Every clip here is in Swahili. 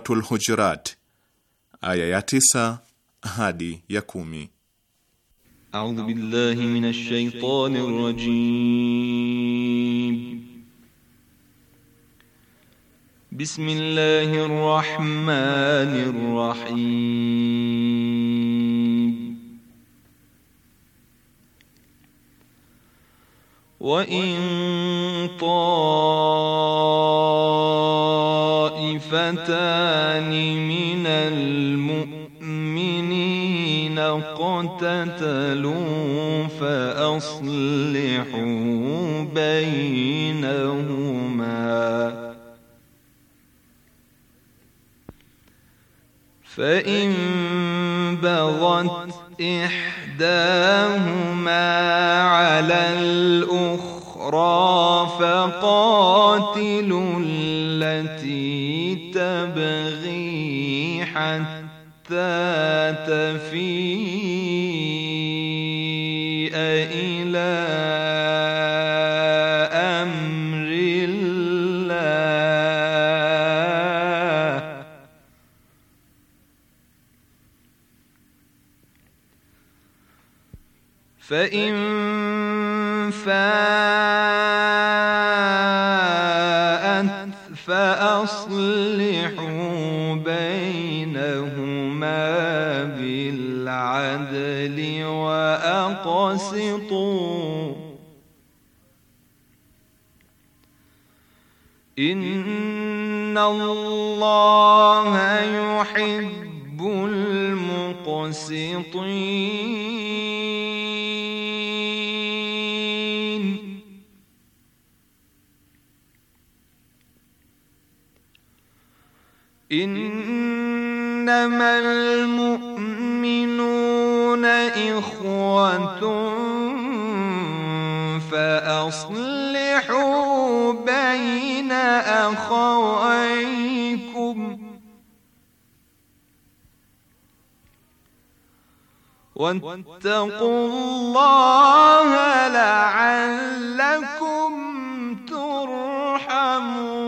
Suratul Hujurat aya ya tisa hadi ya kumi. A'udhu billahi minash shaitani rajim. Bismillahir rahmanir rahim. Wa in رجلان من المؤمنين اقتتلوا فأصلحوا بينهما فإن بغت إحداهما على الأخرى فقاتلوا التي تبغي حتى تفيء إلى أمر الله فإن واسطوا إن الله يحب المقسطين إنما الم wattaqullaha la'allakum turhamun.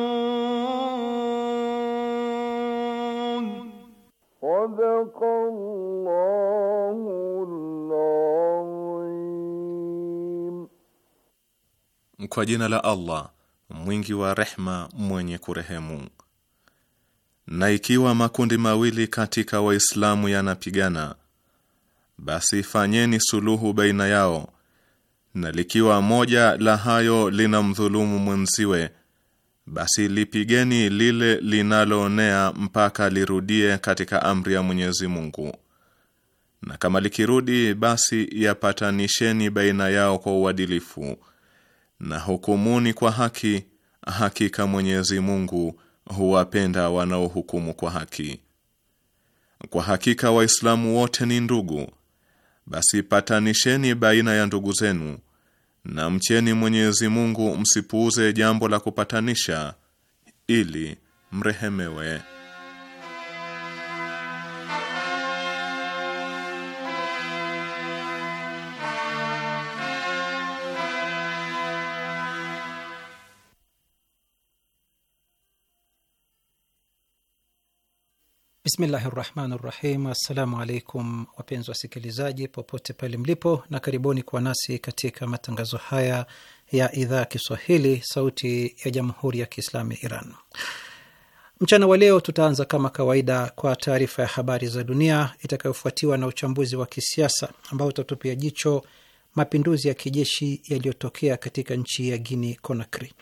Kwa jina la Allah mwingi wa rehma mwenye kurehemu. Na ikiwa makundi mawili katika Waislamu yanapigana basi fanyeni suluhu baina yao, na likiwa moja la hayo lina mdhulumu mwenziwe, basi lipigeni lile linaloonea mpaka lirudie katika amri ya Mwenyezi Mungu, na kama likirudi, basi yapatanisheni baina yao kwa uadilifu na hukumuni kwa haki. Hakika Mwenyezi Mungu huwapenda wanaohukumu kwa haki. Kwa hakika Waislamu wote ni ndugu basi patanisheni baina ya ndugu zenu na mcheni Mwenyezi Mungu, msipuuze jambo la kupatanisha ili mrehemewe. Bismillahi rahmani rahim. Assalamu alaikum wapenzi wasikilizaji popote pale mlipo, na karibuni kwa nasi katika matangazo haya ya idhaa ya Kiswahili sauti ya jamhuri ya Kiislamu ya Iran. Mchana wa leo tutaanza kama kawaida kwa taarifa ya habari za dunia itakayofuatiwa na uchambuzi wa kisiasa ambao utatupia jicho mapinduzi ya kijeshi yaliyotokea katika nchi ya Guinea Conakry.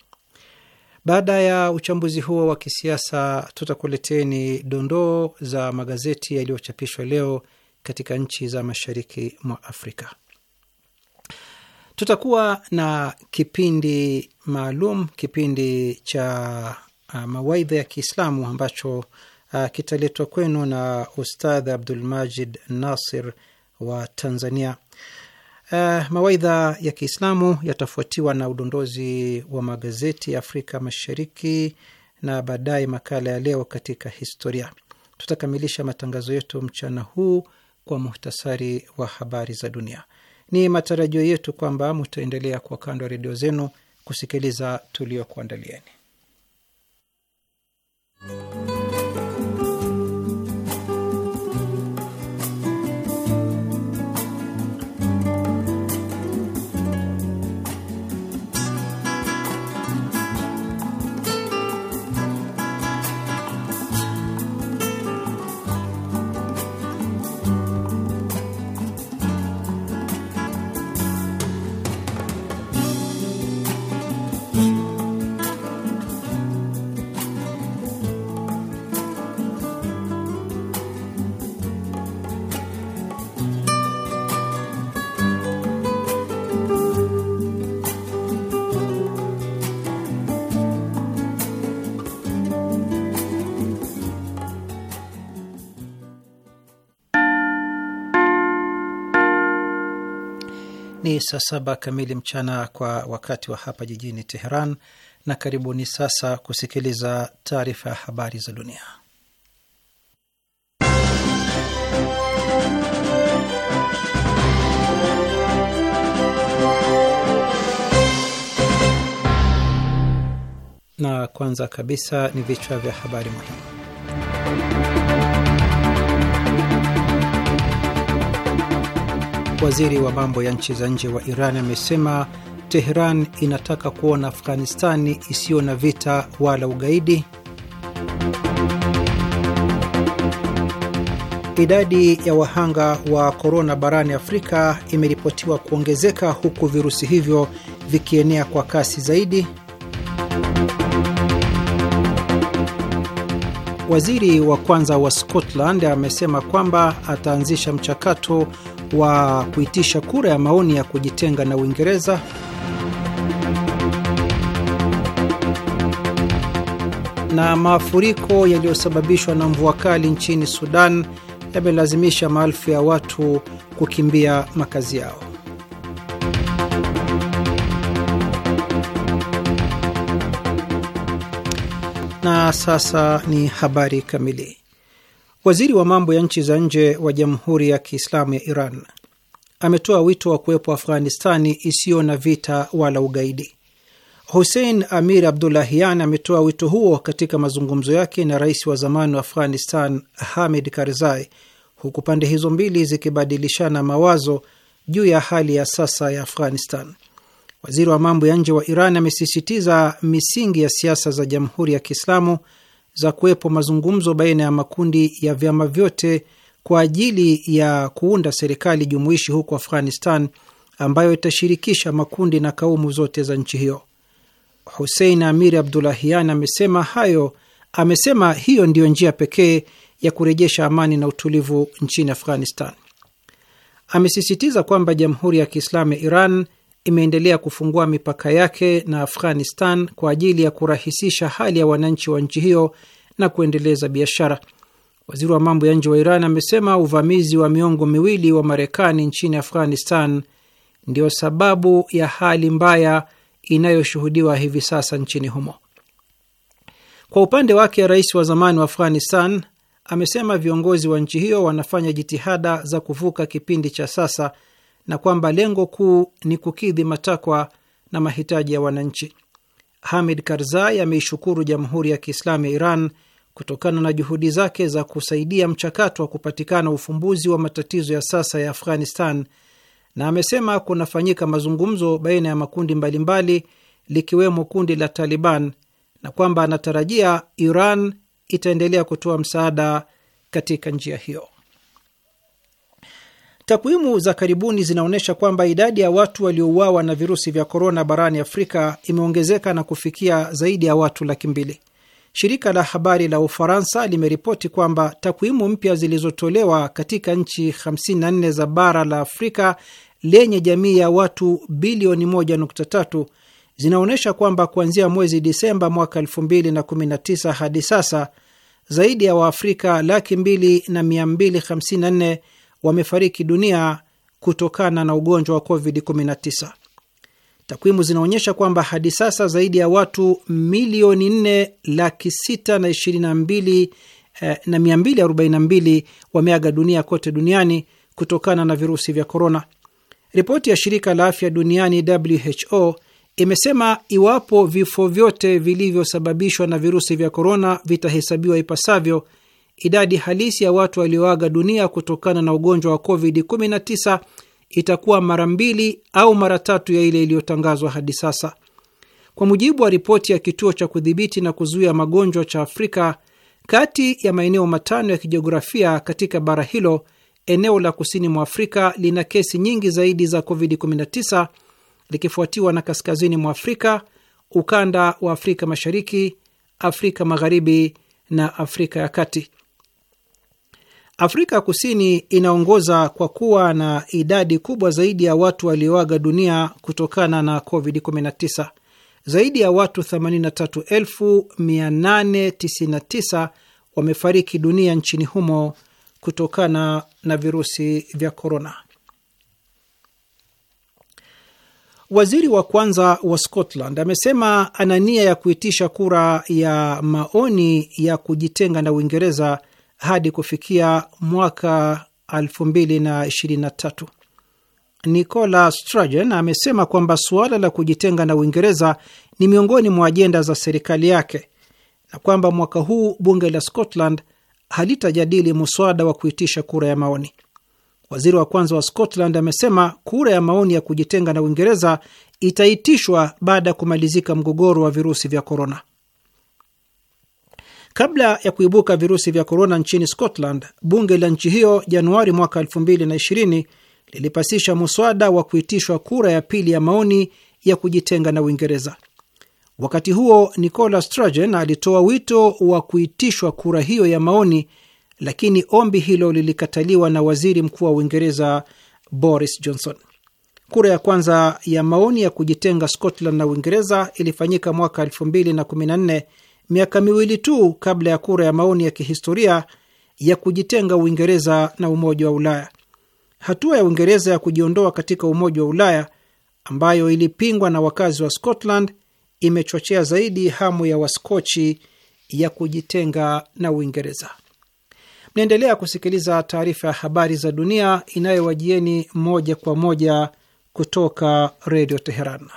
Baada ya uchambuzi huo wa kisiasa, tutakuleteni dondoo za magazeti yaliyochapishwa leo katika nchi za mashariki mwa Afrika. Tutakuwa na kipindi maalum, kipindi cha uh, mawaidha ya Kiislamu ambacho uh, kitaletwa kwenu na Ustadh Abdulmajid Nasir wa Tanzania. Uh, mawaidha ya Kiislamu yatafuatiwa na udondozi wa magazeti ya Afrika Mashariki na baadaye makala ya leo katika historia. Tutakamilisha matangazo yetu mchana huu kwa muhtasari wa habari za dunia. Ni matarajio yetu kwamba mtaendelea kwa kando ya redio zenu kusikiliza tuliokuandalieni. Ni saa saba kamili mchana kwa wakati wa hapa jijini Teheran, na karibuni sasa kusikiliza taarifa ya habari za dunia. Na kwanza kabisa ni vichwa vya habari muhimu. Waziri wa mambo ya nchi za nje wa Iran amesema Tehran inataka kuona Afghanistani isiyo na vita wala ugaidi. Idadi ya wahanga wa korona barani Afrika imeripotiwa kuongezeka huku virusi hivyo vikienea kwa kasi zaidi. Waziri wa kwanza wa Scotland amesema kwamba ataanzisha mchakato wa kuitisha kura ya maoni ya kujitenga na Uingereza, na mafuriko yaliyosababishwa na mvua kali nchini Sudan yamelazimisha maelfu ya watu kukimbia makazi yao. Na sasa ni habari kamili. Waziri wa mambo ya nchi za nje wa Jamhuri ya Kiislamu ya Iran ametoa wito wa kuwepo Afghanistani isiyo na vita wala ugaidi. Hussein Amir Abdulahian ametoa wito huo katika mazungumzo yake na rais wa zamani wa Afghanistan Hamid Karzai, huku pande hizo mbili zikibadilishana mawazo juu ya hali ya sasa ya Afghanistan. Waziri wa mambo ya nje wa Iran amesisitiza misingi ya siasa za Jamhuri ya Kiislamu za kuwepo mazungumzo baina ya makundi ya vyama vyote kwa ajili ya kuunda serikali jumuishi huko Afghanistan ambayo itashirikisha makundi na kaumu zote za nchi hiyo. husein Amir Abdulahian amesema hayo, amesema hiyo ndiyo njia pekee ya kurejesha amani na utulivu nchini Afghanistan. Amesisitiza kwamba Jamhuri ya Kiislamu ya Iran imeendelea kufungua mipaka yake na Afghanistan kwa ajili ya kurahisisha hali ya wananchi wa nchi hiyo na kuendeleza biashara. Waziri wa mambo ya nje wa Iran amesema uvamizi wa miongo miwili wa Marekani nchini Afghanistan ndio sababu ya hali mbaya inayoshuhudiwa hivi sasa nchini humo. Kwa upande wake, rais wa zamani wa Afghanistan amesema viongozi wa nchi hiyo wanafanya jitihada za kuvuka kipindi cha sasa na kwamba lengo kuu ni kukidhi matakwa na mahitaji ya wananchi. Hamid Karzai ameishukuru Jamhuri ya Kiislamu ya Iran kutokana na juhudi zake za kusaidia mchakato wa kupatikana ufumbuzi wa matatizo ya sasa ya Afghanistan na amesema kunafanyika mazungumzo baina ya makundi mbalimbali likiwemo kundi la Taliban na kwamba anatarajia Iran itaendelea kutoa msaada katika njia hiyo. Takwimu za karibuni zinaonyesha kwamba idadi ya watu waliouawa na virusi vya korona barani Afrika imeongezeka na kufikia zaidi ya watu laki mbili. Shirika la habari la Ufaransa limeripoti kwamba takwimu mpya zilizotolewa katika nchi 54 za bara la Afrika lenye jamii ya watu bilioni 1.3 zinaonyesha kwamba kuanzia mwezi Disemba mwaka 2019 hadi sasa zaidi ya Waafrika laki mbili na 254 wamefariki dunia kutokana na ugonjwa wa COVID-19. Takwimu zinaonyesha kwamba hadi sasa zaidi ya watu milioni nne laki sita na ishirini na mbili eh, na mia mbili arobaini na mbili wameaga dunia kote duniani kutokana na virusi vya korona. Ripoti ya shirika la afya duniani WHO imesema iwapo vifo vyote vilivyosababishwa na virusi vya korona vitahesabiwa ipasavyo, idadi halisi ya watu walioaga dunia kutokana na ugonjwa wa COVID-19 itakuwa mara mbili au mara tatu ya ile iliyotangazwa hadi sasa. Kwa mujibu wa ripoti ya kituo cha kudhibiti na kuzuia magonjwa cha Afrika, kati ya maeneo matano ya kijiografia katika bara hilo, eneo la kusini mwa Afrika lina kesi nyingi zaidi za COVID-19 likifuatiwa na kaskazini mwa Afrika, ukanda wa Afrika Mashariki, Afrika Magharibi na Afrika ya Kati. Afrika Kusini inaongoza kwa kuwa na idadi kubwa zaidi ya watu walioaga dunia kutokana na COVID-19. Zaidi ya watu 83,899 wamefariki dunia nchini humo kutokana na virusi vya korona. Waziri wa kwanza wa Scotland amesema ana nia ya kuitisha kura ya maoni ya kujitenga na Uingereza hadi kufikia mwaka 2023. Nicola Sturgeon amesema kwamba suala la kujitenga na Uingereza ni miongoni mwa ajenda za serikali yake na kwamba mwaka huu bunge la Scotland halitajadili muswada wa kuitisha kura ya maoni. Waziri wa kwanza wa Scotland amesema kura ya maoni ya kujitenga na Uingereza itaitishwa baada ya kumalizika mgogoro wa virusi vya korona. Kabla ya kuibuka virusi vya korona nchini Scotland, bunge la nchi hiyo Januari mwaka 2020 lilipasisha muswada wa kuitishwa kura ya pili ya maoni ya kujitenga na Uingereza. Wakati huo Nicola Sturgeon alitoa wito wa kuitishwa kura hiyo ya maoni, lakini ombi hilo lilikataliwa na waziri mkuu wa Uingereza Boris Johnson. Kura ya kwanza ya maoni ya kujitenga Scotland na Uingereza ilifanyika mwaka 2014 miaka miwili tu kabla ya kura ya maoni ya kihistoria ya kujitenga Uingereza na Umoja wa Ulaya. Hatua ya Uingereza ya kujiondoa katika Umoja wa Ulaya ambayo ilipingwa na wakazi wa Scotland imechochea zaidi hamu ya Waskochi ya kujitenga na Uingereza. Mnaendelea kusikiliza taarifa ya habari za dunia inayowajieni moja kwa moja kutoka Redio Teheran.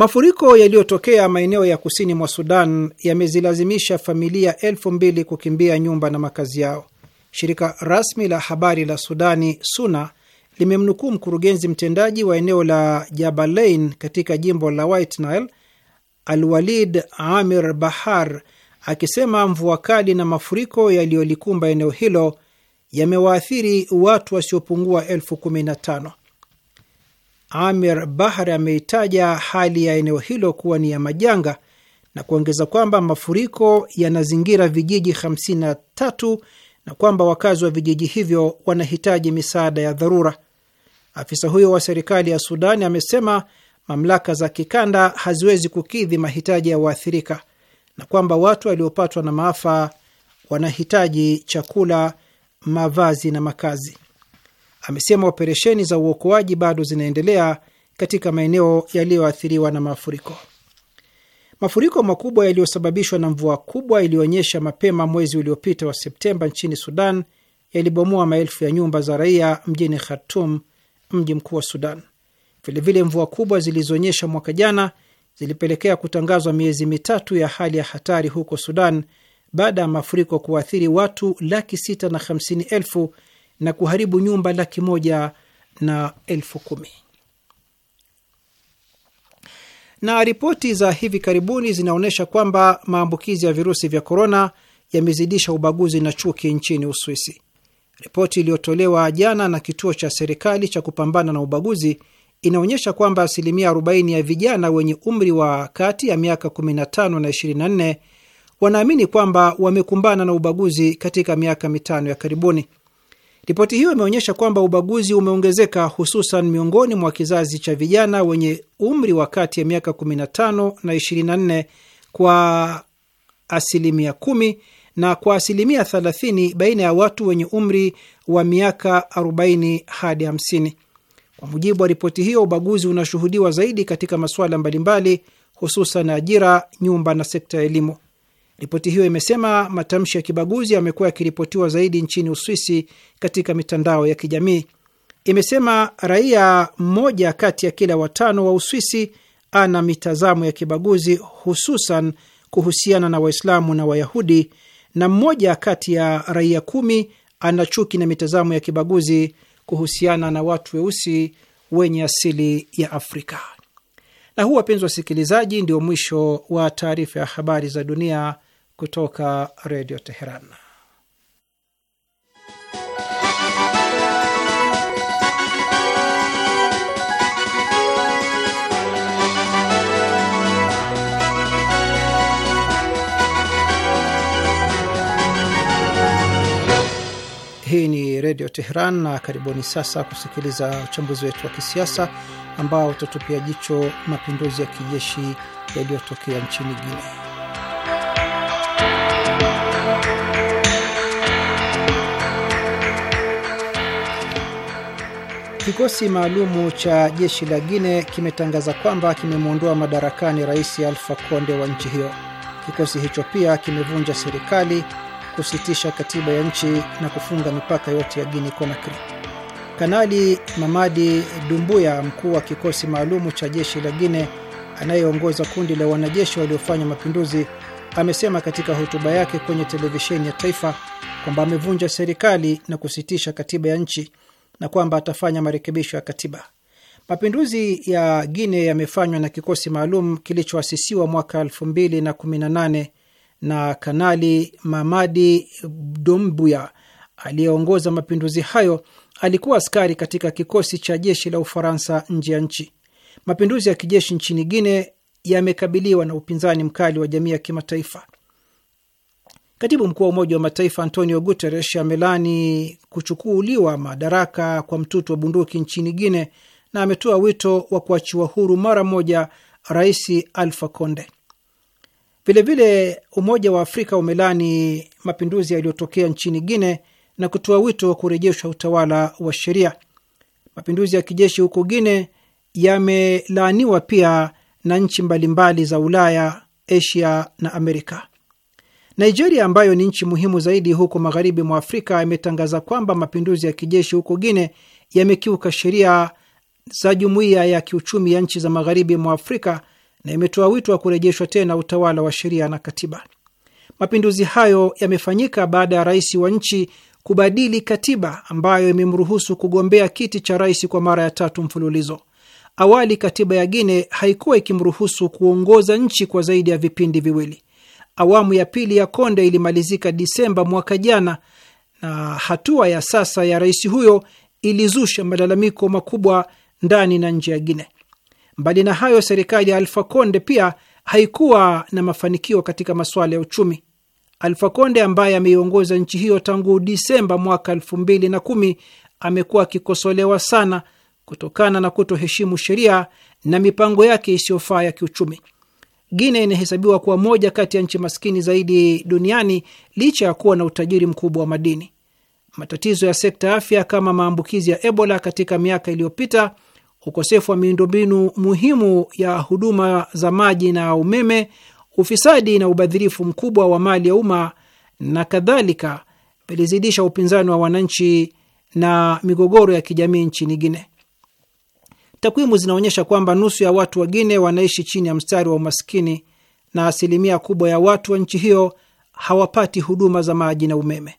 Mafuriko yaliyotokea maeneo ya kusini mwa Sudan yamezilazimisha familia elfu mbili kukimbia nyumba na makazi yao. Shirika rasmi la habari la Sudani SUNA limemnukuu mkurugenzi mtendaji wa eneo la Jabalain katika jimbo la White Nile Alwalid Amir Bahar akisema mvua kali na mafuriko yaliyolikumba eneo hilo yamewaathiri watu wasiopungua elfu kumi na tano. Amir Bahar ameitaja hali ya eneo hilo kuwa ni ya majanga na kuongeza kwamba mafuriko yanazingira vijiji 53 na kwamba wakazi wa vijiji hivyo wanahitaji misaada ya dharura. Afisa huyo wa serikali ya Sudani amesema mamlaka za kikanda haziwezi kukidhi mahitaji ya waathirika na kwamba watu waliopatwa na maafa wanahitaji chakula, mavazi na makazi amesema operesheni za uokoaji bado zinaendelea katika maeneo yaliyoathiriwa na mafuriko. Mafuriko makubwa yaliyosababishwa na mvua kubwa iliyoonyesha mapema mwezi uliopita wa Septemba nchini Sudan yalibomoa maelfu ya nyumba za raia mjini Khartum, mji mkuu wa Sudan. Vilevile, mvua kubwa zilizoonyesha mwaka jana zilipelekea kutangazwa miezi mitatu ya hali ya hatari huko Sudan baada ya mafuriko kuwaathiri watu laki sita na hamsini elfu na kuharibu nyumba laki moja na elfu kumi. Na ripoti za hivi karibuni zinaonyesha kwamba maambukizi ya virusi vya korona yamezidisha ubaguzi na chuki nchini Uswisi. Ripoti iliyotolewa jana na kituo cha serikali cha kupambana na ubaguzi inaonyesha kwamba asilimia 40 ya vijana wenye umri wa kati ya miaka 15 na 24 wanaamini kwamba wamekumbana na ubaguzi katika miaka mitano ya karibuni. Ripoti hiyo imeonyesha kwamba ubaguzi umeongezeka hususan miongoni mwa kizazi cha vijana wenye umri wa kati ya miaka 15 na 24 kwa asilimia 10 na kwa asilimia 30 baina ya watu wenye umri wa miaka 40 hadi 50. Kwa mujibu wa ripoti hiyo, ubaguzi unashuhudiwa zaidi katika masuala mbalimbali, hususan ajira, nyumba na sekta ya elimu. Ripoti hiyo imesema matamshi ya kibaguzi yamekuwa yakiripotiwa zaidi nchini Uswisi katika mitandao ya kijamii. Imesema raia mmoja kati ya kila watano wa Uswisi ana mitazamo ya kibaguzi, hususan kuhusiana na Waislamu na Wayahudi, na mmoja kati ya raia kumi ana chuki na mitazamo ya kibaguzi kuhusiana na watu weusi wenye asili ya Afrika. Na huu, wapenzi wasikilizaji, ndio mwisho wa taarifa ya habari za dunia kutoka Redio Teheran. Hii ni Redio Teheran na karibuni sasa kusikiliza uchambuzi wetu wa kisiasa ambao utatupia jicho mapinduzi ya kijeshi yaliyotokea nchini Guinea. Kikosi maalumu cha jeshi la Guine kimetangaza kwamba kimemwondoa madarakani rais Alfa Konde wa nchi hiyo. Kikosi hicho pia kimevunja serikali, kusitisha katiba ya nchi na kufunga mipaka yote ya Guine Konakri. Kanali Mamadi Dumbuya, mkuu wa kikosi maalumu cha jeshi la Guine anayeongoza kundi la wanajeshi waliofanya mapinduzi, amesema katika hotuba yake kwenye televisheni ya taifa kwamba amevunja serikali na kusitisha katiba ya nchi na kwamba atafanya marekebisho ya katiba. Mapinduzi ya Guinea yamefanywa na kikosi maalum kilichoasisiwa mwaka 2018 na Kanali Mamadi Doumbouya aliyeongoza mapinduzi hayo alikuwa askari katika kikosi cha jeshi la Ufaransa nje ya nchi. Mapinduzi ya kijeshi nchini Guinea yamekabiliwa na upinzani mkali wa jamii ya kimataifa. Katibu mkuu wa Umoja wa Mataifa Antonio Guterres amelaani kuchukuliwa madaraka kwa mtutu wa bunduki nchini Guine na ametoa wito wa kuachiwa huru mara moja Rais Alfa Conde. Vilevile Umoja wa Afrika umelaani mapinduzi yaliyotokea nchini Guine na kutoa wito wa kurejeshwa utawala wa sheria. Mapinduzi ya kijeshi huko Guine yamelaaniwa pia na nchi mbalimbali za Ulaya, Asia na Amerika. Nigeria ambayo ni nchi muhimu zaidi huko magharibi mwa Afrika imetangaza kwamba mapinduzi ya kijeshi huko Guine yamekiuka sheria za Jumuiya ya Kiuchumi ya Nchi za Magharibi mwa Afrika na imetoa wito wa kurejeshwa tena utawala wa sheria na katiba. Mapinduzi hayo yamefanyika baada ya rais wa nchi kubadili katiba ambayo imemruhusu kugombea kiti cha rais kwa mara ya tatu mfululizo. Awali katiba ya Guine haikuwa ikimruhusu kuongoza nchi kwa zaidi ya vipindi viwili awamu ya pili ya Konde ilimalizika Disemba mwaka jana, na hatua ya sasa ya rais huyo ilizusha malalamiko makubwa ndani na nje ya gine Mbali na hayo, serikali ya Alfa Konde pia haikuwa na mafanikio katika masuala ya uchumi. Alfa Konde ambaye ameiongoza nchi hiyo tangu Disemba mwaka elfu mbili na kumi amekuwa akikosolewa sana kutokana na kutoheshimu sheria na mipango yake isiyofaa ya kiuchumi. Guinea inahesabiwa kuwa moja kati ya nchi maskini zaidi duniani licha ya kuwa na utajiri mkubwa wa madini. Matatizo ya sekta ya afya kama maambukizi ya Ebola katika miaka iliyopita, ukosefu wa miundombinu muhimu ya huduma za maji na umeme, ufisadi na ubadhirifu mkubwa wa mali ya umma na kadhalika vilizidisha upinzani wa wananchi na migogoro ya kijamii nchini Guinea. Takwimu zinaonyesha kwamba nusu ya watu wa wanaishi chini ya mstari wa umaskini na asilimia kubwa ya watu wa nchi hiyo hawapati huduma za maji na umeme.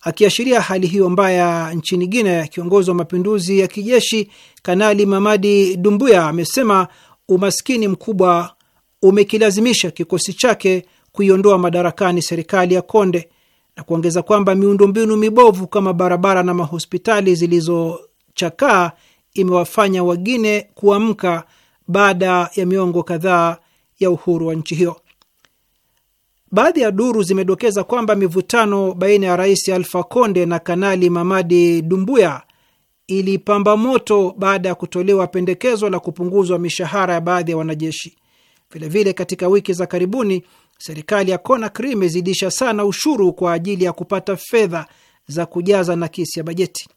Akiashiria hali hiyo mbaya nchini Guinea, kiongozi wa mapinduzi ya kijeshi Kanali Mamadi Dumbuya amesema umaskini mkubwa umekilazimisha kikosi chake kuiondoa madarakani serikali ya Konde na kuongeza kwamba miundombinu mibovu kama barabara na mahospitali zilizochakaa imewafanya wagine kuamka baada ya miongo kadhaa ya uhuru wa nchi hiyo. Baadhi ya duru zimedokeza kwamba mivutano baina ya Rais Alfa Konde na Kanali Mamadi Dumbuya ilipamba moto baada ya kutolewa pendekezo la kupunguzwa mishahara ya baadhi ya wanajeshi. Vilevile, katika wiki za karibuni serikali ya Conakry imezidisha sana ushuru kwa ajili ya kupata fedha za kujaza nakisi ya bajeti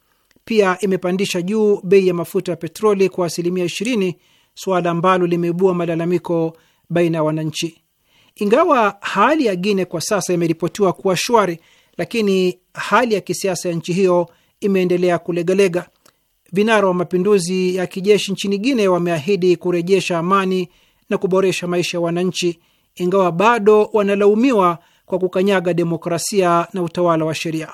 pia imepandisha juu bei ya mafuta ya petroli kwa asilimia 20, suala ambalo limeibua malalamiko baina ya wananchi. Ingawa hali ya Guine kwa sasa imeripotiwa kuwa shwari, lakini hali ya kisiasa ya nchi hiyo imeendelea kulegalega. Vinara wa mapinduzi ya kijeshi nchini Guine wameahidi kurejesha amani na kuboresha maisha ya wananchi, ingawa bado wanalaumiwa kwa kukanyaga demokrasia na utawala wa sheria.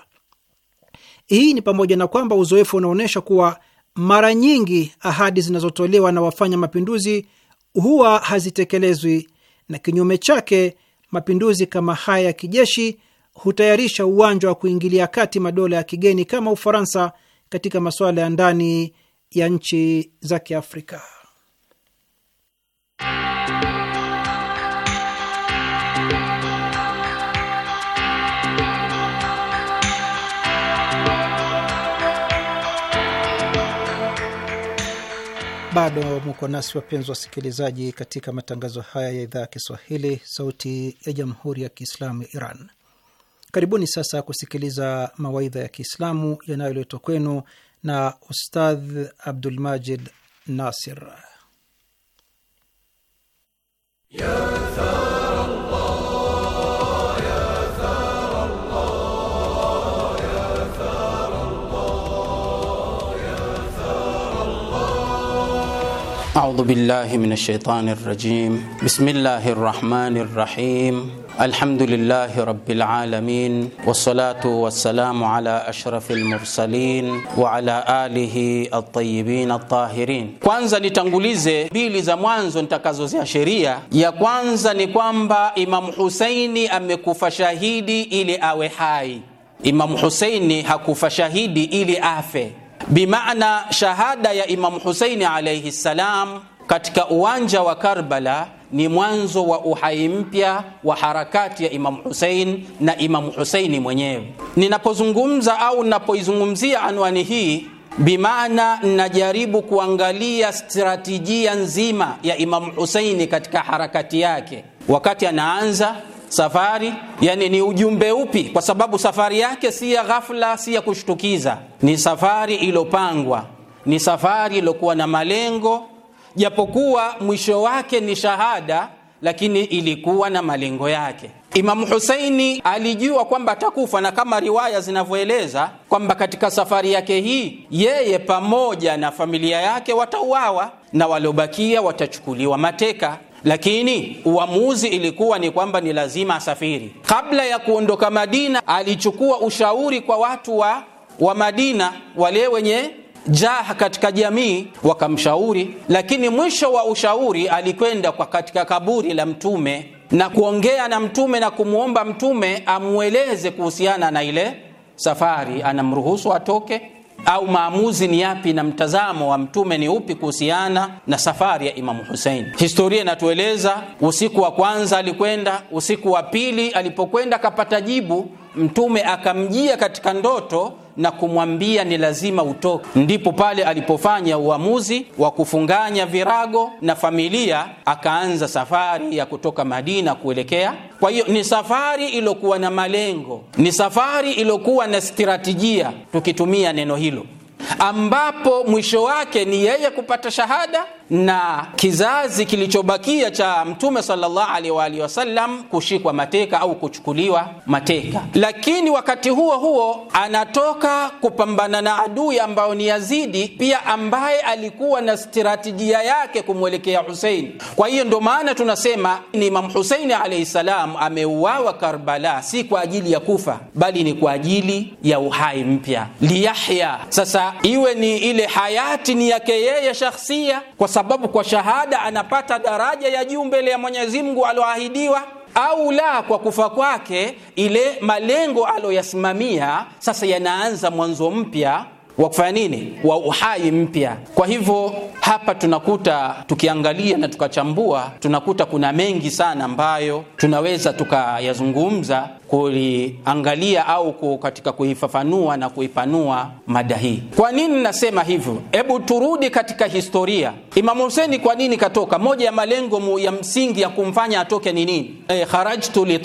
Hii ni pamoja na kwamba uzoefu unaonyesha kuwa mara nyingi ahadi zinazotolewa na wafanya mapinduzi huwa hazitekelezwi, na kinyume chake, mapinduzi kama haya ya kijeshi hutayarisha uwanja wa kuingilia kati madola ya kigeni kama Ufaransa katika masuala ya ndani ya nchi za Kiafrika. Bado muko nasi wapenzi wasikilizaji, katika matangazo haya ya idhaa ya Kiswahili, Sauti ya Jamhuri ya Kiislamu ya Iran. Karibuni sasa kusikiliza mawaidha ya Kiislamu yanayoletwa kwenu na Ustadh Abdulmajid Nasir ya أعوذ بالله من الشيطان الرجيم بسم الله الرحمن الرحيم الحمد لله رب العالمين والصلاة والسلام على أشرف المرسلين وعلى آله الطيبين الطاهرين Kwanza nitangulize bili za mwanzo nitakazozisheria. Ya kwanza ni kwamba Imam Husaini amekufa shahidi ili awe hai. Imam Husaini hakufa shahidi ili afe. Bimaana shahada ya Imamu Huseini alaihi ssalam katika uwanja wa Karbala ni mwanzo wa uhai mpya wa harakati ya Imamu Husein na Imamu Huseini mwenyewe. Ninapozungumza au ninapoizungumzia anwani hii, bimaana najaribu kuangalia stratijia nzima ya Imamu Huseini katika harakati yake wakati anaanza safari yani ni ujumbe upi kwa sababu safari yake si ya ghafla si ya kushtukiza ni safari iliyopangwa ni safari iliyokuwa na malengo japokuwa mwisho wake ni shahada lakini ilikuwa na malengo yake imamu huseini alijua kwamba atakufa na kama riwaya zinavyoeleza kwamba katika safari yake hii yeye pamoja na familia yake watauawa na waliobakia watachukuliwa mateka lakini uamuzi ilikuwa ni kwamba ni lazima asafiri. Kabla ya kuondoka Madina, alichukua ushauri kwa watu wa, wa Madina wale wenye jaha katika jamii wakamshauri, lakini mwisho wa ushauri alikwenda kwa katika kaburi la Mtume na kuongea na Mtume na kumwomba Mtume amweleze kuhusiana na ile safari, anamruhusu atoke au maamuzi ni yapi na mtazamo wa mtume ni upi kuhusiana na safari ya Imamu Husein. Historia inatueleza usiku wa kwanza alikwenda, usiku wa pili alipokwenda akapata jibu, mtume akamjia katika ndoto na kumwambia ni lazima utoke. Ndipo pale alipofanya uamuzi wa kufunganya virago na familia, akaanza safari ya kutoka Madina kuelekea. Kwa hiyo ni safari iliyokuwa na malengo, ni safari iliyokuwa na stratejia, tukitumia neno hilo, ambapo mwisho wake ni yeye kupata shahada na kizazi kilichobakia cha Mtume sallallahu alaihi wa alihi wasallam kushikwa mateka au kuchukuliwa mateka. Lakini wakati huo huo anatoka kupambana na adui ambao ni Yazidi, pia ambaye alikuwa na strategia yake kumwelekea Husein. Kwa hiyo ndio maana tunasema ni Imam Husein alaihi salam ameuawa Karbala, si kwa ajili ya kufa, bali ni kwa ajili ya uhai mpya liyahya. Sasa iwe ni ile hayati ni yake yeye shakhsia kwa sababu kwa shahada anapata daraja ya juu mbele ya Mwenyezi Mungu aloahidiwa au la, kwa kufa kwake ile malengo aloyasimamia sasa yanaanza mwanzo mpya wa kufanya nini, wa uhai mpya. Kwa hivyo hapa tunakuta tukiangalia na tukachambua, tunakuta kuna mengi sana ambayo tunaweza tukayazungumza, kuliangalia au katika kuifafanua na kuipanua mada hii. Kwa nini nasema hivyo? Hebu turudi katika historia. Imamu Huseni kwa nini katoka? Moja ya malengo ya msingi ya kumfanya atoke ni nini? E, kharajtu li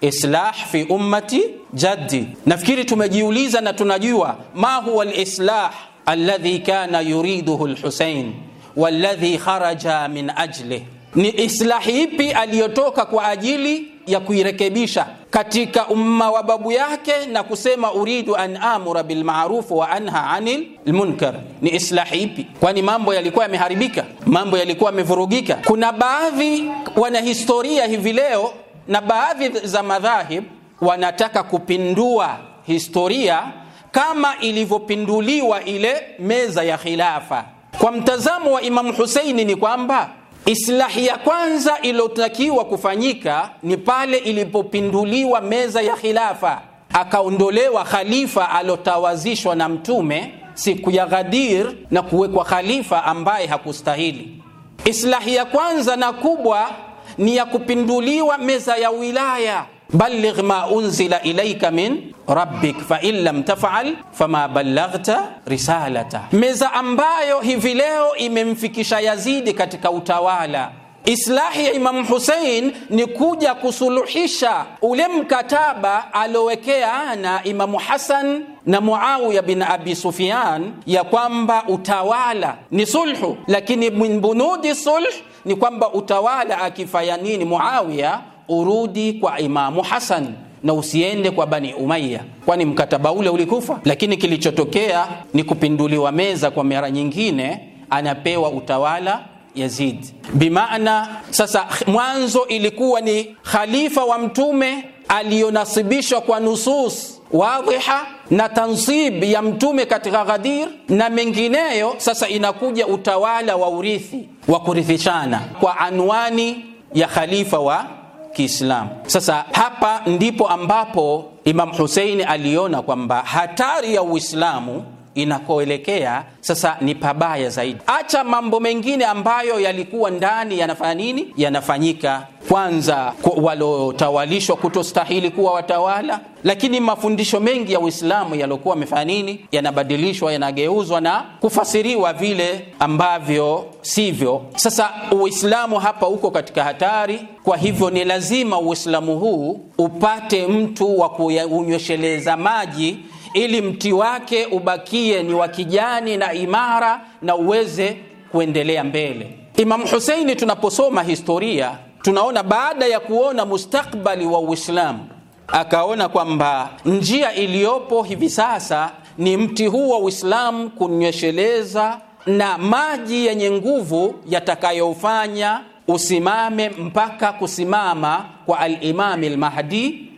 islah fi ummati jaddi. Nafikiri tumejiuliza na tunajua ma huwa lislah alladhi kana yuriduhu lhusein walladhi kharaja min ajlih, ni islahi ipi aliyotoka kwa ajili ya kuirekebisha katika umma wa babu yake na kusema uridu an amura bilmarufu wa anha anil lmunkar Ni islahi ipi? Kwani mambo yalikuwa yameharibika, mambo yalikuwa yamevurugika. Kuna baadhi wanahistoria hivi leo na baadhi za madhahib wanataka kupindua historia kama ilivyopinduliwa ile meza ya khilafa. Kwa mtazamo wa Imamu Huseini ni kwamba Islahi ya kwanza iliyotakiwa kufanyika ni pale ilipopinduliwa meza ya khilafa, akaondolewa khalifa alotawazishwa na Mtume siku ya Ghadir na kuwekwa khalifa ambaye hakustahili. Islahi ya kwanza na kubwa ni ya kupinduliwa meza ya wilaya balligh ma unzila ilaika min rabbik fa in lam tafal fama ballaghta risalata. Meza ambayo hivi leo imemfikisha Yazidi katika utawala Islahi ya Imam husein ni kuja kusuluhisha ule mkataba aliowekea na Imamu Hasan na Muawiya bin Abi Sufyan, ya kwamba utawala ni sulhu, lakini min bunudi sulh ni kwamba utawala akifanya nini Muawiya urudi kwa Imamu Hasan na usiende kwa Bani Umayya, kwani mkataba ule ulikufa. Lakini kilichotokea ni kupinduliwa meza kwa mara nyingine, anapewa utawala Yazid. Bimaana sasa, mwanzo ilikuwa ni khalifa wa Mtume aliyonasibishwa kwa nusus wadhiha na tansib ya Mtume katika Ghadir na mengineyo. Sasa inakuja utawala wa urithi wa kurithishana kwa anwani ya khalifa wa Kiislamu. Sasa hapa ndipo ambapo Imam Huseini aliona kwamba hatari ya Uislamu inakoelekea sasa ni pabaya zaidi. Acha mambo mengine ambayo yalikuwa ndani yanafanya nini, yanafanyika. Kwanza walotawalishwa kutostahili kuwa watawala, lakini mafundisho mengi ya Uislamu yaliokuwa yamefanya nini, yanabadilishwa, yanageuzwa na kufasiriwa vile ambavyo sivyo. Sasa Uislamu hapa uko katika hatari. Kwa hivyo ni lazima Uislamu huu upate mtu wa kuunywesheleza maji ili mti wake ubakie ni wa kijani na imara na uweze kuendelea mbele. Imamu Huseini, tunaposoma historia tunaona baada ya kuona mustakbali wa Uislamu akaona kwamba njia iliyopo hivi sasa ni mti huu wa Uislamu kunywesheleza na maji yenye nguvu yatakayofanya usimame mpaka kusimama kwa Alimami Lmahdi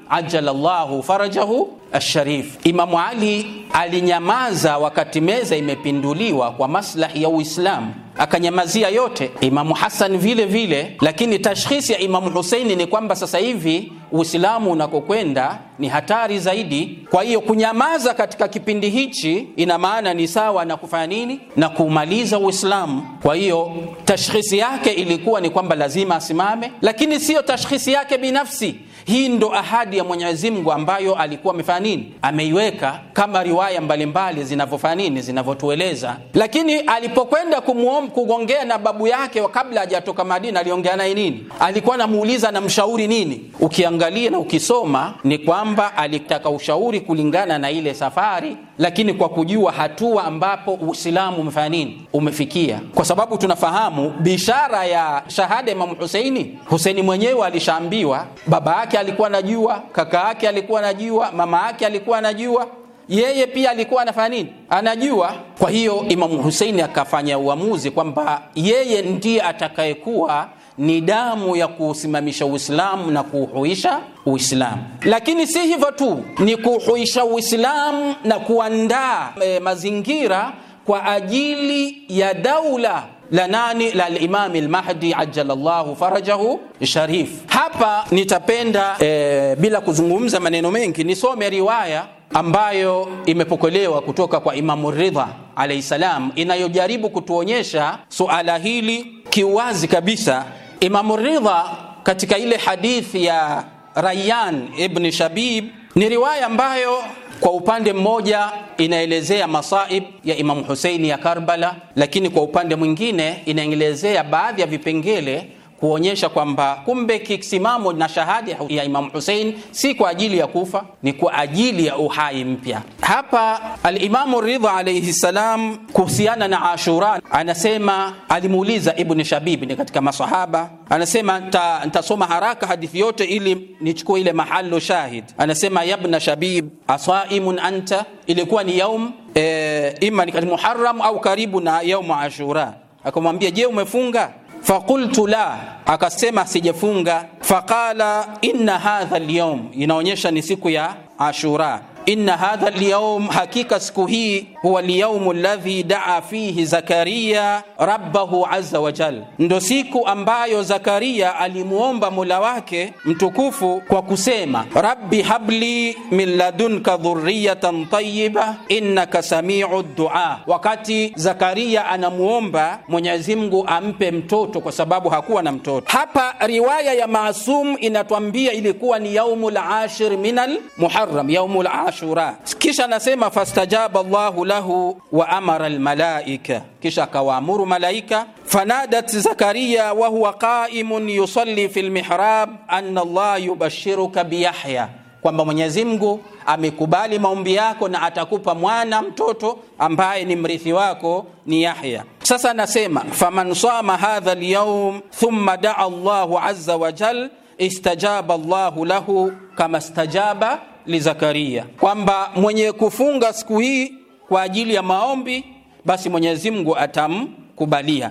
llahu farajahu Asharif. Imamu Ali alinyamaza wakati meza imepinduliwa kwa maslahi ya Uislamu, akanyamazia yote. Imamu Hasan vile vile, lakini tashkhisi ya Imamu Huseini ni kwamba sasa hivi Uislamu unakokwenda ni hatari zaidi. Kwa hiyo kunyamaza katika kipindi hichi ina maana ni sawa na kufanya nini? Na kuumaliza Uislamu. Kwa hiyo tashkhisi yake ilikuwa ni kwamba lazima asimame, lakini siyo tashkhisi yake binafsi hii ndo ahadi ya Mwenyezi Mungu ambayo alikuwa amefanya nini, ameiweka kama riwaya mbalimbali zinavyofanya nini, zinavyotueleza. Lakini alipokwenda kumuomba kugongea na babu yake kabla hajatoka Madina, aliongea naye nini? Alikuwa anamuuliza na mshauri nini? Ukiangalia na ukisoma ni kwamba alitaka ushauri kulingana na ile safari lakini kwa kujua hatua ambapo Uislamu umefanya nini, umefikia. Kwa sababu tunafahamu bishara ya shahada Imamu Huseini, Huseini mwenyewe alishaambiwa, baba yake alikuwa anajua, kaka yake alikuwa anajua, mama yake alikuwa anajua yeye pia alikuwa anafanya nini? Anajua. Kwa hiyo Imamu Huseini akafanya uamuzi kwamba yeye ndiye atakayekuwa ni damu ya kuusimamisha Uislamu na kuuhuisha Uislamu. Lakini si hivyo tu, ni kuuhuisha Uislamu na kuandaa e, mazingira kwa ajili ya daula la nani la Imam al-Mahdi ajalallahu farajahu sharif. Hapa nitapenda e, bila kuzungumza maneno mengi nisome riwaya ambayo imepokelewa kutoka kwa Imamu Ridha alayhi salam inayojaribu kutuonyesha suala hili kiwazi kabisa Imamu Ridha katika ile hadithi ya Rayyan ibn Shabib ni riwaya ambayo kwa upande mmoja inaelezea masaib ya Imamu Huseini ya Karbala, lakini kwa upande mwingine inaelezea baadhi ya vipengele kuonyesha kwamba kumbe kisimamo na shahada ya Imamu husein si kwa ajili ya kufa, ni kwa ajili ya uhai mpya. Hapa Alimamu Ridha alaihi salam kuhusiana na Ashura anasema, alimuuliza Ibni Shabib, ni katika masahaba, anasema ntasoma haraka hadithi yote ili nichukue ile mahalo shahid. Anasema, yabna Shabib asaimun anta, ilikuwa ni yaum e, ima ni Muharam au karibu na yaumu Ashura. Akamwambia, je, umefunga? Fakultu la, akasema sijafunga. Faqala inna hadha lyaum inaonyesha ni siku ya Ashura. Inna hadha alyawm, hakika siku hii huwa lyaumu ladhi daa fihi Zakaria rabbahu aza wajal ndo siku ambayo Zakaria alimwomba Mola wake mtukufu kwa kusema rabbi habli min ladunka dhurriyatan tayyiba innaka samiu dua. Wakati Zakaria anamwomba Mwenyezi Mungu ampe mtoto kwa sababu hakuwa na mtoto. Hapa riwaya ya Maasum inatwambia ilikuwa ni yaumu lashir min al Muharram, yaumul ashura. Kisha anasema fastajaba Allahu lahu wa amara almalaika, kisha akawaamuru malaika. Fanadat Zakaria wa huwa qaimun yusalli fil mihrab anna Allah yubashiruka biyahya, kwamba Mwenyezi Mungu amekubali maombi yako na atakupa mwana mtoto ambaye ni mrithi wako ni Yahya. Sasa nasema faman sama hadha alyawm thumma daa Allahu azza wa jal istajaba Allahu lahu kama stajaba li Zakaria, kwamba mwenye kufunga siku hii kwa ajili ya maombi, basi Mwenyezi Mungu atamkubalia.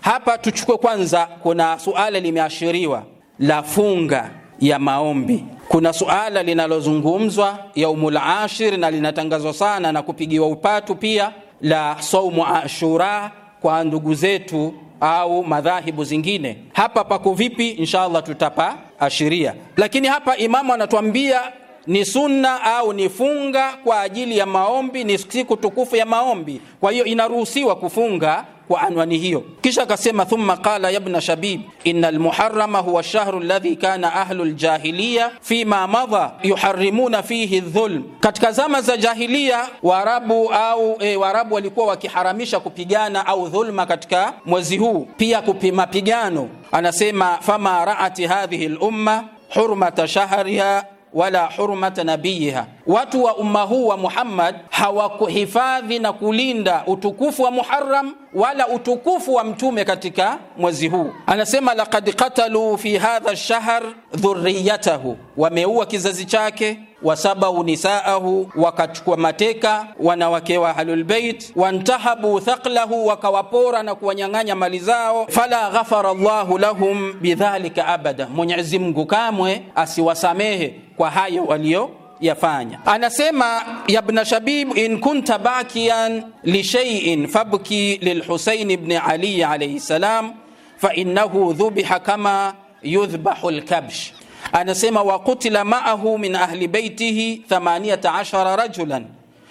Hapa tuchukue kwanza, kuna suala limeashiriwa la funga ya maombi. Kuna suala linalozungumzwa yaumul ashir na linatangazwa sana na kupigiwa upatu pia, la saumu ashura kwa ndugu zetu au madhahibu zingine. Hapa pako vipi? Inshallah tutapa ashiria, lakini hapa imamu anatuambia ni sunna au ni funga kwa ajili ya maombi, ni siku tukufu ya maombi, kwa hiyo inaruhusiwa kufunga kwa anwani hiyo. Kisha akasema thumma qala ibn shabib inna almuharrama huwa shahru alladhi kana ahlu aljahiliya fima madha yuharrimuna fihi dhulm, katika zama za jahiliya Waarabu au e, Waarabu walikuwa wakiharamisha kupigana au dhulma katika mwezi huu, pia kupima pigano. Anasema fama raati hadhihi lumma hurmata shahriha wala hurmata nabiyiha. Watu wa umma huu wa Muhammad hawakuhifadhi na kulinda utukufu wa Muharram wala utukufu wa mtume katika mwezi huu. Anasema laqad qataluu fi hadha lshahr dhurriyatahu, wameua kizazi chake wasabau nisaahu, wakachukua mateka wanawake wa ahlul bait, wantahabu thaqlahu, wakawapora na kuwanyang'anya mali zao. Fala ghafara Allahu lahum bidhalika abada, Mwenyezi Mungu kamwe asiwasamehe kwa hayo walio yafanya. Anasema yabna shabib in kunta bakian lishaiin fabki lilhusain ibn Ali alayhi salam fa innahu dhubiha kama yudhbahu lkabsh anasema wakutila maahu min ahli baitihi 18 rajulan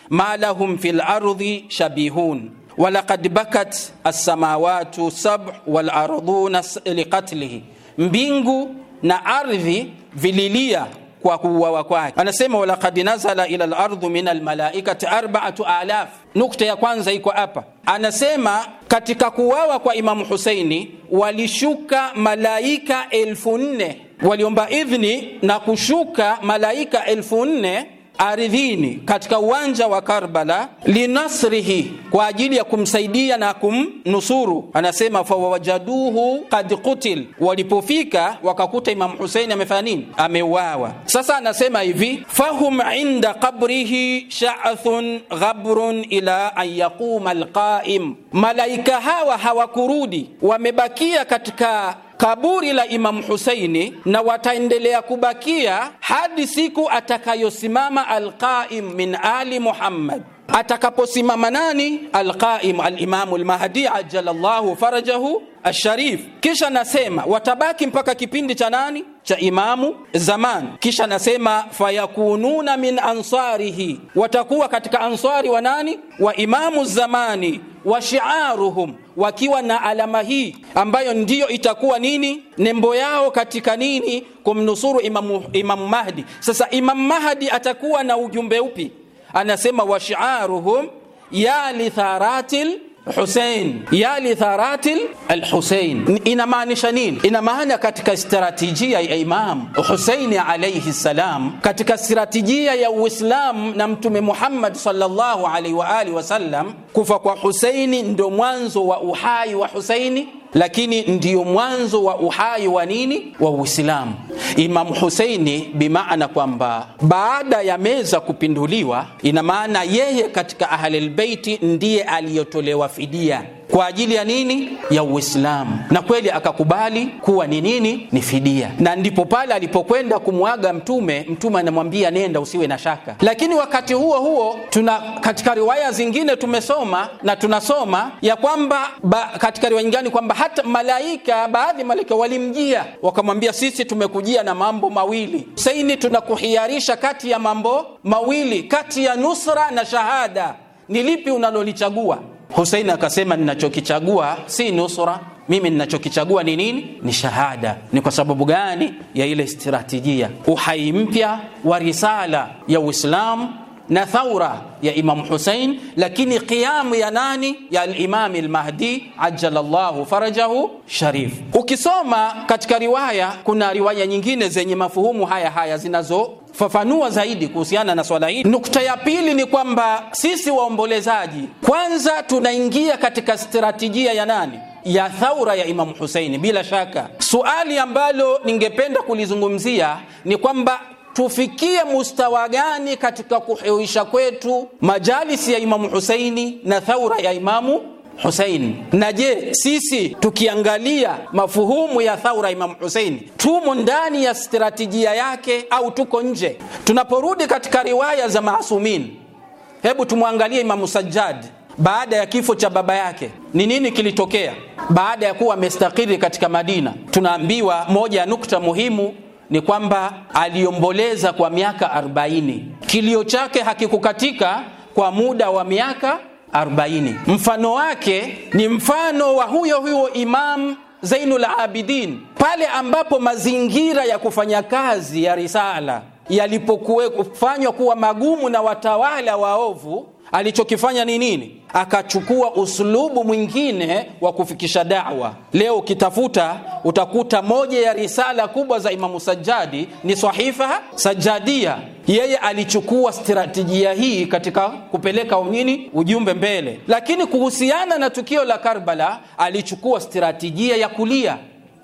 ma lahum fil ardi shabihun walaqad bakat alsamawatu sab walarduna liqatlihi, mbingu na ardhi vililia kwa kuuawa kwake. Anasema walaqad nazala ila lardhi min almalaikati arbaatu alaf. Nukta ya kwanza iko hapa, anasema katika kuuawa kwa Imamu Huseini walishuka malaika elfu nne waliomba idhni na kushuka malaika elfu nne aridhini katika uwanja wa Karbala linasrihi, kwa ajili ya kumsaidia na kumnusuru. Anasema fawajaduhu kad qutil, walipofika wakakuta Imamu Huseini amefanya nini? Ameuawa. Sasa anasema hivi fahum inda qabrihi sha'thun ghabrun ila an yaquma alqaim, malaika hawa hawakurudi, wamebakia katika kaburi la Imamu Husaini na wataendelea kubakia hadi siku atakayosimama Alqaim min ali Muhammad. Atakaposimama nani? Alqaim, Alimamu lmahdi ajala llahu farajahu Alsharif. Kisha nasema watabaki mpaka kipindi cha nani? cha Imamu Zaman, kisha anasema fayakununa min ansarihi, watakuwa katika ansari wa nani? Wa Imamu Zamani wa shiaruhum, wakiwa na alama hii ambayo ndiyo itakuwa nini, nembo yao katika nini, kumnusuru Imamu, Imamu Mahdi. Sasa Imamu Mahdi atakuwa na ujumbe upi? Anasema wa shiaruhum ya litharatil Hussein ya lidharati al inamaanisha nini? Ina maana katika stratejia ya Imam Hussein alayhi salam, katika stratejia ya Uislamu na Mtume Muhammad sallallahu alayhi wa alihi wasallam, kufa kwa Huseini ndo mwanzo wa uhai wa Huseini lakini ndiyo mwanzo wa uhai wa nini wa Uislamu. Imamu Huseini, bimaana kwamba baada ya meza kupinduliwa, ina maana yeye katika Ahlilbeiti ndiye aliyotolewa fidia kwa ajili ya nini? Ya Uislamu. Na kweli akakubali kuwa ni nini? Ni fidia. Na ndipo pale alipokwenda kumwaga Mtume, Mtume anamwambia nenda, usiwe na shaka. Lakini wakati huo huo, tuna katika riwaya zingine tumesoma na tunasoma ya kwamba ba, katika riwaya nyingine kwamba hata malaika, baadhi malaika walimjia wakamwambia, sisi tumekujia na mambo mawili saini, tunakuhiarisha kati ya mambo mawili, kati ya nusra na shahada, ni lipi unalolichagua? Husein akasema ninachokichagua si nusra, mimi ninachokichagua ni nini? Ni shahada. Ni kwa sababu gani? Ya ile strategia, uhai mpya wa risala ya Uislamu na thaura ya Imam Hussein, lakini qiyamu ya nani? Ya al-Imam al-Mahdi ajalallahu farajahu sharif. Ukisoma katika riwaya, kuna riwaya nyingine zenye mafuhumu haya haya zinazo fafanua zaidi kuhusiana na swala hili. Nukta ya pili ni kwamba sisi waombolezaji kwanza tunaingia katika stratejia ya nani? ya thaura ya Imamu Huseini. Bila shaka, suali ambalo ningependa kulizungumzia ni kwamba tufikie mustawa gani katika kuhewisha kwetu majalisi ya Imamu Husaini na thaura ya Imamu Husaini? Na je, sisi tukiangalia mafuhumu ya thaura Imamu Husaini tumo ndani ya stratejia yake au tuko nje? Tunaporudi katika riwaya za maasumin, hebu tumwangalie Imamu Sajjad baada ya kifo cha baba yake ni nini kilitokea? Baada ya kuwa amestakiri katika Madina, tunaambiwa moja ya nukta muhimu ni kwamba aliomboleza kwa miaka 40. Kilio chake hakikukatika kwa muda wa miaka 40. Mfano wake ni mfano wa huyo huyo Imam Zainul Abidin pale ambapo mazingira ya kufanya kazi ya risala yalipokuwa kufanywa kuwa magumu na watawala waovu alichokifanya ni nini? Akachukua uslubu mwingine wa kufikisha da'wa. Leo ukitafuta utakuta moja ya risala kubwa za Imamu Sajjadi ni Sahifa Sajjadia. Yeye alichukua stratejia hii katika kupeleka nini ujumbe mbele, lakini kuhusiana na tukio la Karbala alichukua stratejia ya kulia.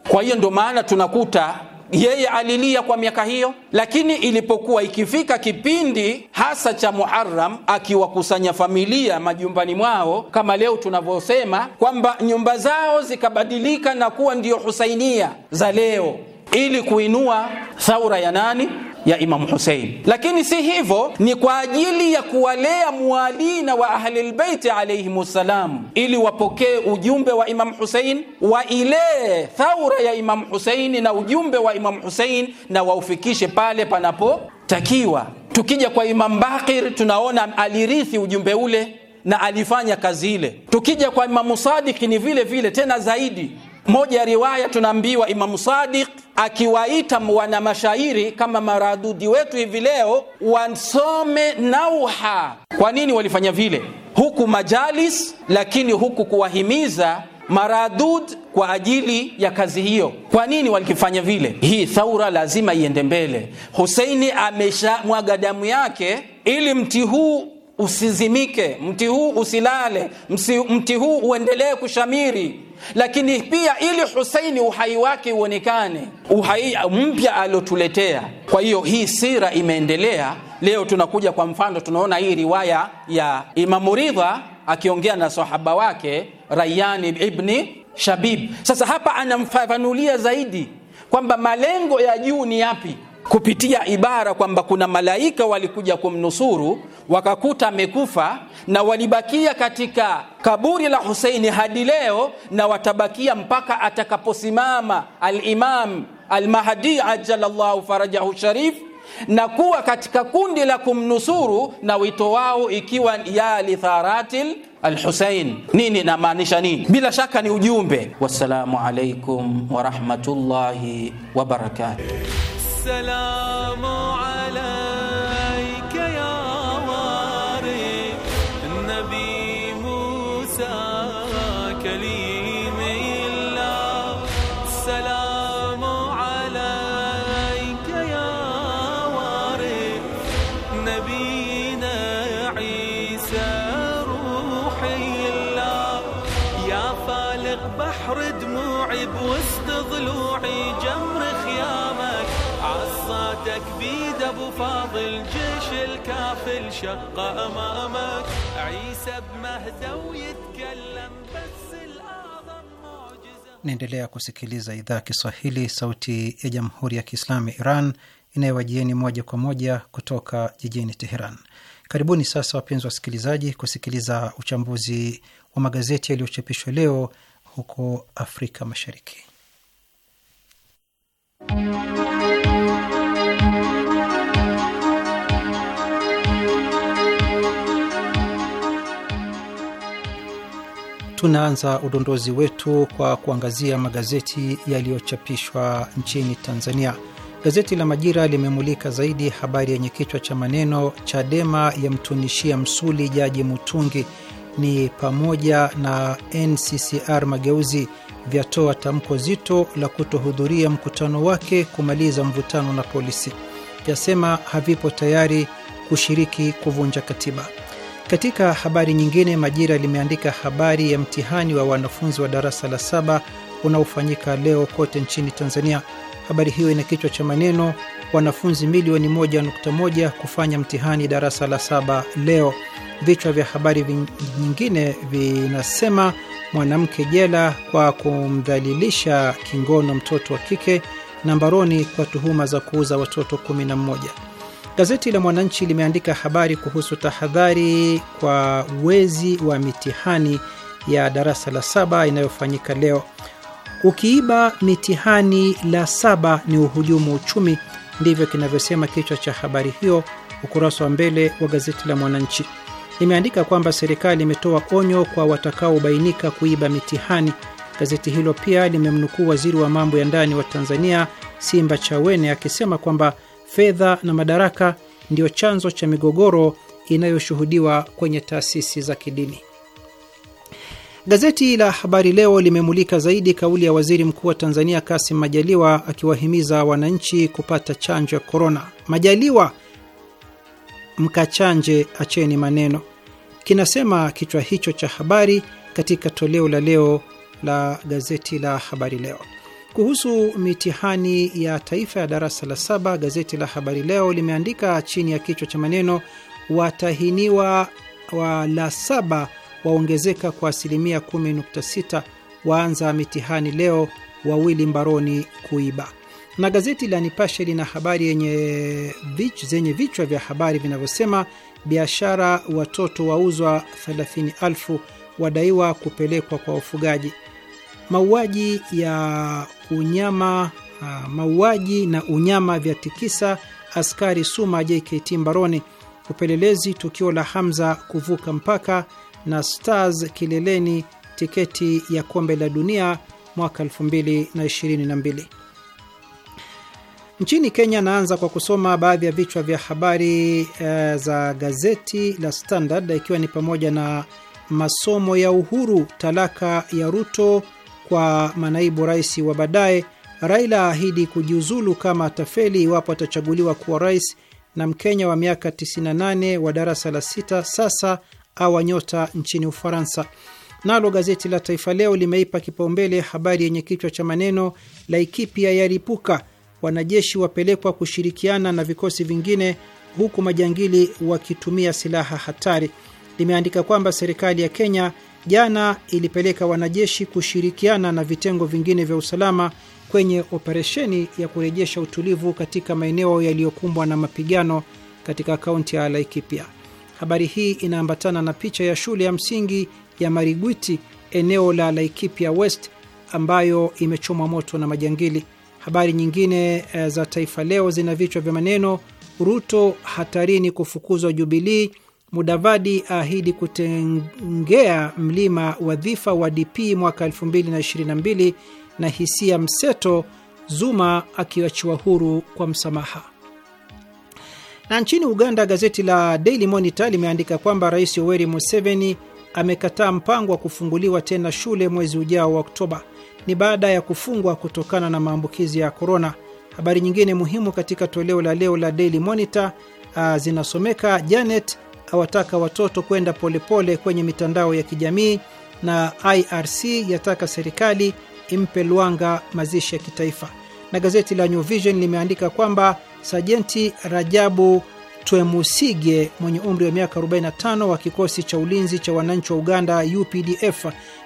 Kwa hiyo ndio maana tunakuta yeye alilia kwa miaka hiyo, lakini ilipokuwa ikifika kipindi hasa cha Muharram, akiwakusanya familia majumbani mwao, kama leo tunavyosema kwamba nyumba zao zikabadilika na kuwa ndiyo Husainia za leo, ili kuinua thaura ya nani ya Imamu Husein, lakini si hivyo, ni kwa ajili ya kuwalea mualina wa Ahlilbeiti alaihimssalam, ili wapokee ujumbe wa Imamu Husein, wailee thaura ya Imamu husein na ujumbe wa Imamu Husein na waufikishe pale panapotakiwa. Tukija kwa Imamu Bakir tunaona alirithi ujumbe ule na alifanya kazi ile. Tukija kwa Imamu Sadiki ni vile vile, tena zaidi moja ya riwaya tunaambiwa Imamu Sadiq akiwaita wana mashairi kama maradudi wetu hivi leo wasome nauha. Kwa nini walifanya vile? Huku majalis, lakini huku kuwahimiza maradud kwa ajili ya kazi hiyo. Kwa nini walikifanya vile? Hii thaura lazima iende mbele. Huseini ameshamwaga damu yake ili mti huu usizimike, mti huu usilale, mti huu uendelee kushamiri. Lakini pia ili Husaini uhai wake uonekane, uhai mpya aliotuletea. Kwa hiyo hii sira imeendelea. Leo tunakuja kwa mfano, tunaona hii riwaya ya Imamu Ridha akiongea na sahaba wake Rayani ibni Shabib. Sasa hapa anamfafanulia zaidi kwamba malengo ya juu ni yapi kupitia ibara kwamba kuna malaika walikuja kumnusuru wakakuta amekufa na walibakia katika kaburi la Huseini hadi leo na watabakia mpaka atakaposimama al-Imam al-Mahdi ajalallahu farajahu sharif na kuwa katika kundi la kumnusuru na wito wao ikiwa ya litharatil alhusain nini namaanisha nini bila shaka ni ujumbe wassalamu alaikum warahmatullahi wabarakatuh السلام على الجيش الكافل شق عيسى ويتكلم بس naendelea kusikiliza idhaa ya Kiswahili sauti ya Jamhuri ya Kiislamu ya Iran inayowajieni moja kwa moja kutoka jijini Teheran. Karibuni sasa wapenzi wasikilizaji, kusikiliza uchambuzi wa magazeti yaliyochapishwa leo huko Afrika Mashariki. Tunaanza udondozi wetu kwa kuangazia magazeti yaliyochapishwa nchini Tanzania. Gazeti la Majira limemulika zaidi habari yenye kichwa cha maneno Chadema yamtunishia msuli Jaji Mutungi, ni pamoja na NCCR Mageuzi vyatoa tamko zito la kutohudhuria mkutano wake kumaliza mvutano na polisi, vyasema havipo tayari kushiriki kuvunja katiba. Katika habari nyingine, Majira limeandika habari ya mtihani wa wanafunzi wa darasa la saba unaofanyika leo kote nchini Tanzania. Habari hiyo ina kichwa cha maneno wanafunzi milioni 1.1 kufanya mtihani darasa la saba leo. Vichwa vya habari nyingine vinasema mwanamke jela kwa kumdhalilisha kingono mtoto wa kike na mbaroni kwa tuhuma za kuuza watoto 11. Gazeti la Mwananchi limeandika habari kuhusu tahadhari kwa wezi wa mitihani ya darasa la saba inayofanyika leo. Ukiiba mitihani la saba ni uhujumu uchumi, ndivyo kinavyosema kichwa cha habari hiyo, ukurasa wa mbele wa gazeti la Mwananchi. Limeandika kwamba serikali imetoa onyo kwa watakaobainika kuiba mitihani. Gazeti hilo pia limemnukuu waziri wa mambo ya ndani wa Tanzania Simba Chawene akisema kwamba fedha na madaraka ndio chanzo cha migogoro inayoshuhudiwa kwenye taasisi za kidini. Gazeti la Habari Leo limemulika zaidi kauli ya waziri mkuu wa Tanzania Kasim Majaliwa akiwahimiza wananchi kupata chanjo ya korona. Majaliwa, mkachanje, acheni maneno, kinasema kichwa hicho cha habari katika toleo la leo la gazeti la Habari Leo. Kuhusu mitihani ya taifa ya darasa la saba, gazeti la Habari Leo limeandika chini ya kichwa cha maneno watahiniwa wa la saba waongezeka kwa asilimia 10.6, waanza mitihani leo, wawili mbaroni kuiba. Na gazeti la Nipashe lina habari yenye vich, zenye vichwa vya habari vinavyosema biashara, watoto wauzwa 30,000 wadaiwa kupelekwa kwa wafugaji, mauaji ya unyama, ah, mauaji na unyama vya tikisa askari Suma JKT mbaroni, upelelezi tukio la Hamza kuvuka mpaka na Stars kileleni, tiketi ya kombe la dunia mwaka 2022. Nchini Kenya, naanza kwa kusoma baadhi ya vichwa vya habari uh, za gazeti la Standard, ikiwa ni pamoja na masomo ya Uhuru, talaka ya Ruto kwa manaibu rais wa baadaye, Raila aahidi kujiuzulu kama atafeli iwapo atachaguliwa kuwa rais, na Mkenya wa miaka 98 wa darasa la sita sasa awa nyota nchini Ufaransa. Nalo gazeti la Taifa Leo limeipa kipaumbele habari yenye kichwa cha maneno Laikipia yaripuka, wanajeshi wapelekwa kushirikiana na vikosi vingine huku majangili wakitumia silaha hatari. Limeandika kwamba serikali ya Kenya jana ilipeleka wanajeshi kushirikiana na vitengo vingine vya usalama kwenye operesheni ya kurejesha utulivu katika maeneo yaliyokumbwa na mapigano katika kaunti ya Laikipia. Habari hii inaambatana na picha ya shule ya msingi ya Marigwiti, eneo la Laikipia West, ambayo imechomwa moto na majangili. Habari nyingine eh, za Taifa Leo zina vichwa vya maneno: Ruto hatarini kufukuzwa Jubilii, Mudavadi aahidi kutengea mlima wadhifa wa DP mwaka 2022 na hisia mseto, Zuma akiachiwa huru kwa msamaha. Na nchini Uganda, gazeti la Daily Monitor limeandika kwamba Rais Yoweri Museveni amekataa mpango wa kufunguliwa tena shule mwezi ujao wa Oktoba. Ni baada ya kufungwa kutokana na maambukizi ya korona. Habari nyingine muhimu katika toleo la leo la Daily Monitor uh, zinasomeka Janet awataka watoto kwenda polepole kwenye mitandao ya kijamii na IRC yataka serikali impe Lwanga mazishi ya kitaifa. Na gazeti la New Vision limeandika kwamba Sajenti Rajabu Twemusige mwenye umri wa miaka 45 wa kikosi cha ulinzi cha wananchi wa Uganda UPDF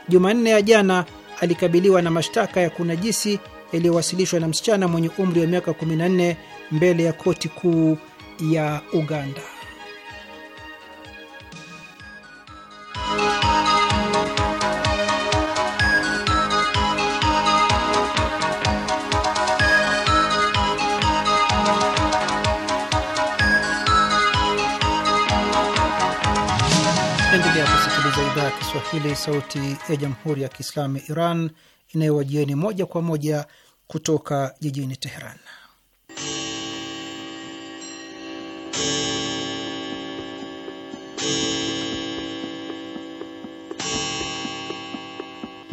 Jumanne ya jana alikabiliwa na mashtaka ya kunajisi yaliyowasilishwa na msichana mwenye umri wa miaka 14 mbele ya koti kuu ya Uganda. idhaa ya Kiswahili, sauti ya jamhuri ya kiislamu Iran inayowajieni moja kwa moja kutoka jijini Teheran.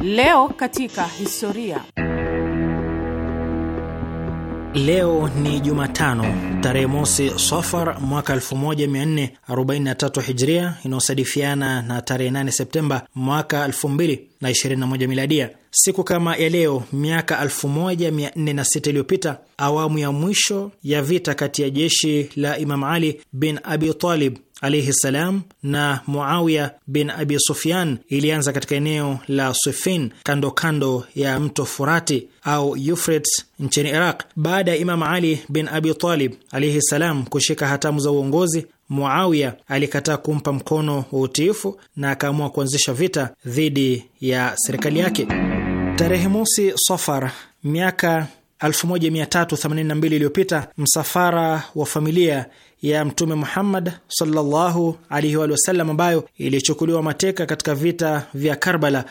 Leo katika historia. Leo ni Jumatano tarehe mosi Sofar mwaka 1443 Hijria, inayosadifiana na tarehe 8 Septemba mwaka 2021 Miladia. Siku kama ya leo miaka 1406 iliyopita, awamu ya mwisho ya vita kati ya jeshi la Imam Ali bin Abi Talib alaihi ssalam na Muawiya bin Abi Sufyan ilianza katika eneo la swifin kando kando ya mto Furati au yufrit nchini Iraq. Baada ya Imam Ali bin Abi Talib alaihi ssalam kushika hatamu za uongozi, Muawiya alikataa kumpa mkono wa utiifu na akaamua kuanzisha vita dhidi ya serikali yake. Tarehe mosi Sofar miaka 1382 iliyopita, msafara wa familia ya Mtume Muhammad sallallahu alaihi wa sallam ambayo ilichukuliwa mateka katika vita vya Karbala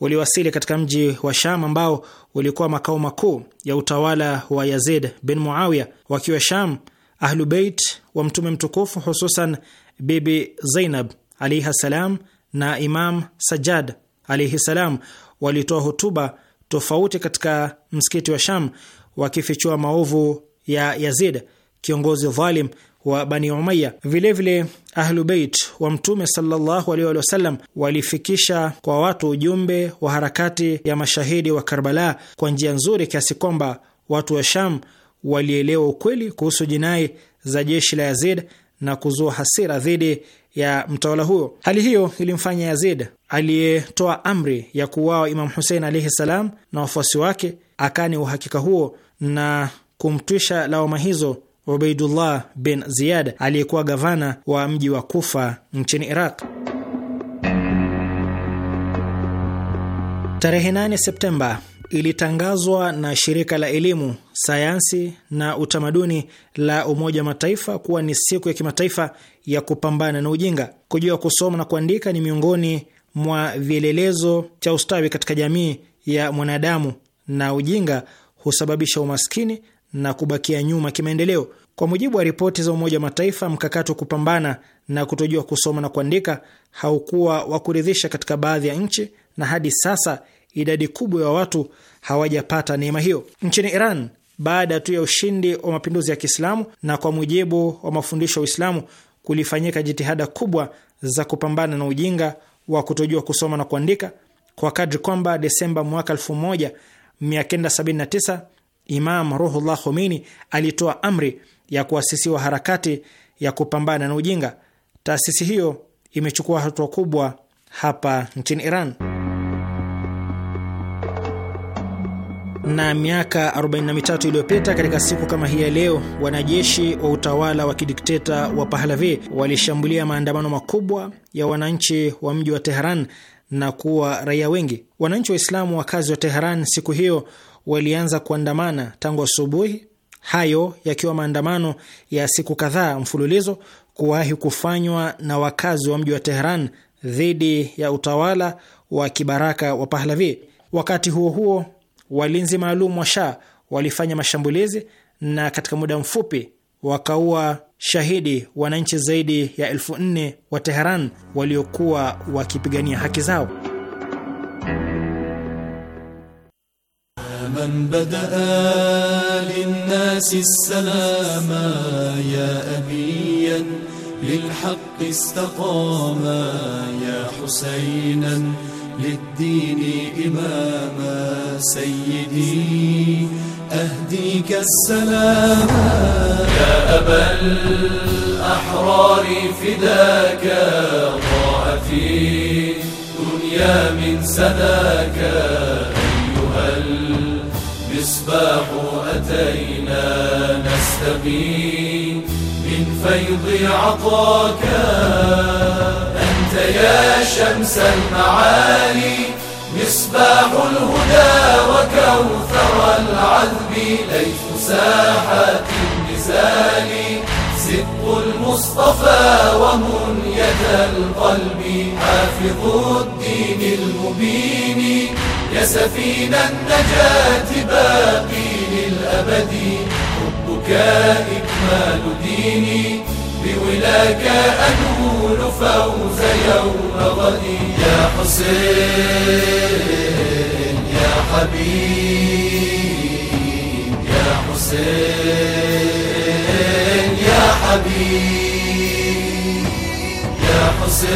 uliwasili katika mji wa Sham ambao ulikuwa makao makuu ya utawala wa Yazid bin Muawiya. Wakiwa Sham, Ahlu Beit wa Mtume mtukufu hususan Bibi Zainab alaihi salam na Imam Sajjad alaihi salam walitoa hotuba tofauti katika msikiti wa Sham wakifichua maovu ya Yazid, kiongozi dhalim wa Bani Umaya. Vilevile Ahlubeit wa Mtume sallallahu alaihi walifikisha kwa watu ujumbe wa harakati ya mashahidi wa Karbala kwa njia nzuri kiasi kwamba watu wa Sham walielewa ukweli kuhusu jinai za jeshi la Yazid na kuzua hasira dhidi ya mtawala huyo. Hali hiyo ilimfanya Yazid aliyetoa amri ya kuuawa Imam Husein alaihi salam na wafuasi wake akani uhakika huo na kumtwisha lawama hizo Ubaidullah bin Ziyad aliyekuwa gavana wa mji wa Kufa nchini Iraq. Tarehe 8 Septemba ilitangazwa na shirika la elimu, sayansi na utamaduni la Umoja wa Mataifa kuwa ni siku ya kimataifa ya kupambana na ujinga. Kujua kusoma na kuandika ni miongoni mwa vielelezo cha ustawi katika jamii ya mwanadamu, na ujinga husababisha umaskini na kubakia nyuma kimaendeleo. Kwa mujibu wa ripoti za Umoja wa Mataifa, mkakati wa kupambana na kutojua kusoma na kuandika haukuwa wa kuridhisha katika baadhi ya nchi, na hadi sasa idadi kubwa ya watu hawajapata neema hiyo. Nchini Iran, baada tu ya ushindi wa mapinduzi ya Kiislamu na kwa mujibu wa mafundisho ya Uislamu, kulifanyika jitihada kubwa za kupambana na ujinga wa kutojua kusoma na kuandika kwa kadri kwamba Desemba mwaka 1979 Imam Ruhullah Khomeini alitoa amri ya kuasisiwa harakati ya kupambana na ujinga. Taasisi hiyo imechukua hatua kubwa hapa nchini Iran, na miaka 43 iliyopita katika siku kama hii ya leo, wanajeshi wa utawala wa kidikteta wa Pahlavi walishambulia maandamano makubwa ya wananchi wa mji wa Teheran na kuwa raia wengi. Wananchi Waislamu wakazi wa Teheran siku hiyo walianza kuandamana tangu asubuhi, hayo yakiwa maandamano ya siku kadhaa mfululizo kuwahi kufanywa na wakazi wa mji wa Tehran dhidi ya utawala wa kibaraka wa Pahlavi. Wakati huo huo, walinzi maalum wa Shah walifanya mashambulizi na katika muda mfupi wakaua shahidi wananchi zaidi ya elfu nne wa Teheran waliokuwa wakipigania haki zao. من بدأ للناس السلام يا أبيا للحق استقاما يا حسينا للدين إماما سيدي أهديك السلام يا أبا الأحرار فداك ضاع في دنيا من سداك الأصباح أتينا نستقيم من فيض عطاك أنت يا شمس المعالي مصباح الهدى وكوثر العذب ليث ساحات النزال صدق المصطفى ومنية القلب حافظ الدين المبين يا سفينة النجاة باقي للأبد حبك إكمال ديني بولاك أنول فوز يوم غدي يا حسين يا حبيب يا حسين يا حبيب يا حسين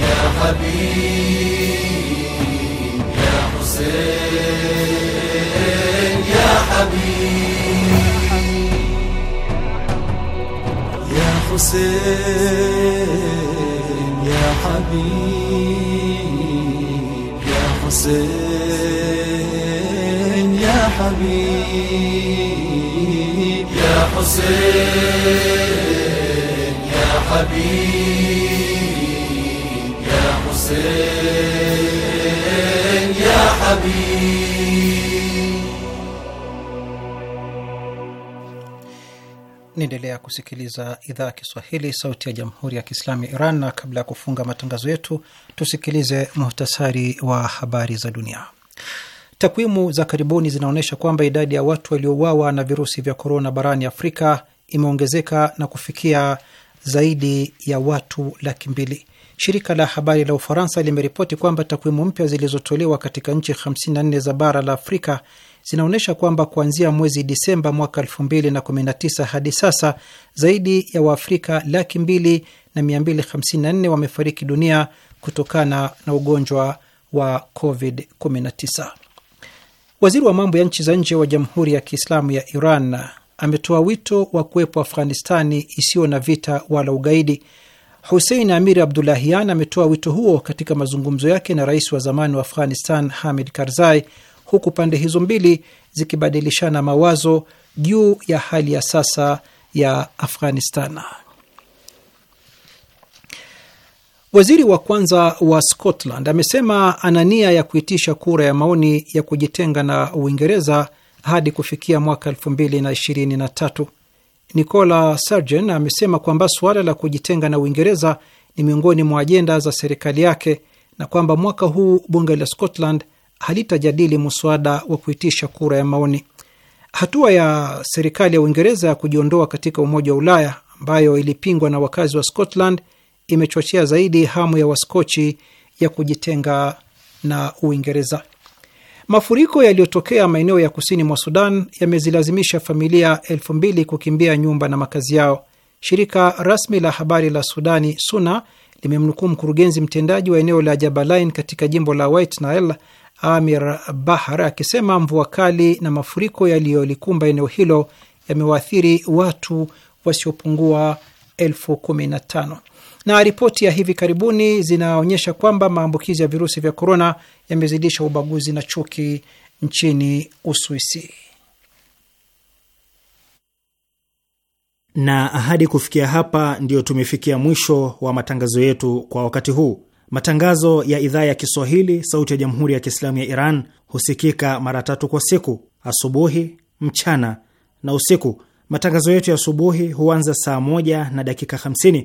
يا حبيب حسين يا حبيب يا حسين يا حبيب يا حسين يا حبيب يا حسين يا حبيب يا حسين habib. kusikiliza idhaa ya Kiswahili, sauti ya jamhuri ya kiislamu ya Iran, na kabla ya kufunga matangazo yetu tusikilize muhtasari wa habari za dunia. Takwimu za karibuni zinaonyesha kwamba idadi ya watu waliouawa na virusi vya korona barani Afrika imeongezeka na kufikia zaidi ya watu laki mbili. Shirika la habari la Ufaransa limeripoti kwamba takwimu mpya zilizotolewa katika nchi 54 za bara la Afrika zinaonyesha kwamba kuanzia mwezi Disemba mwaka 2019 hadi sasa zaidi ya Waafrika laki mbili na 254 wamefariki dunia kutokana na ugonjwa wa COVID-19. Waziri wa mambo ya nchi za nje wa Jamhuri ya Kiislamu ya Iran ametoa wito wa kuwepo Afghanistani isiyo na vita wala ugaidi Husein Amir Abdulahian ametoa wito huo katika mazungumzo yake na rais wa zamani wa Afghanistan Hamid Karzai, huku pande hizo mbili zikibadilishana mawazo juu ya hali ya sasa ya Afghanistan. Waziri wa kwanza wa Scotland amesema ana nia ya kuitisha kura ya maoni ya kujitenga na Uingereza hadi kufikia mwaka 2023. Nicola Sturgeon amesema kwamba suala la kujitenga na Uingereza ni miongoni mwa ajenda za serikali yake na kwamba mwaka huu bunge la Scotland halitajadili mswada wa kuitisha kura ya maoni. Hatua ya serikali ya Uingereza ya kujiondoa katika Umoja wa Ulaya ambayo ilipingwa na wakazi wa Scotland imechochea zaidi hamu ya Waskochi ya kujitenga na Uingereza. Mafuriko yaliyotokea maeneo ya kusini mwa Sudan yamezilazimisha familia elfu mbili kukimbia nyumba na makazi yao. Shirika rasmi la habari la Sudani SUNA limemnukuu mkurugenzi mtendaji wa eneo la Jabalain katika jimbo la White Nile Amir Bahar akisema mvua kali na mafuriko yaliyolikumba eneo hilo yamewaathiri watu wasiopungua elfu kumi na tano. Na ripoti ya hivi karibuni zinaonyesha kwamba maambukizi ya virusi vya korona yamezidisha ubaguzi na chuki nchini Uswisi. Na ahadi kufikia hapa, ndiyo tumefikia mwisho wa matangazo yetu kwa wakati huu. Matangazo ya idhaa ya Kiswahili sauti ya Jamhuri ya Kiislamu ya Iran husikika mara tatu kwa siku: asubuhi, mchana na usiku. Matangazo yetu ya asubuhi huanza saa moja na dakika 50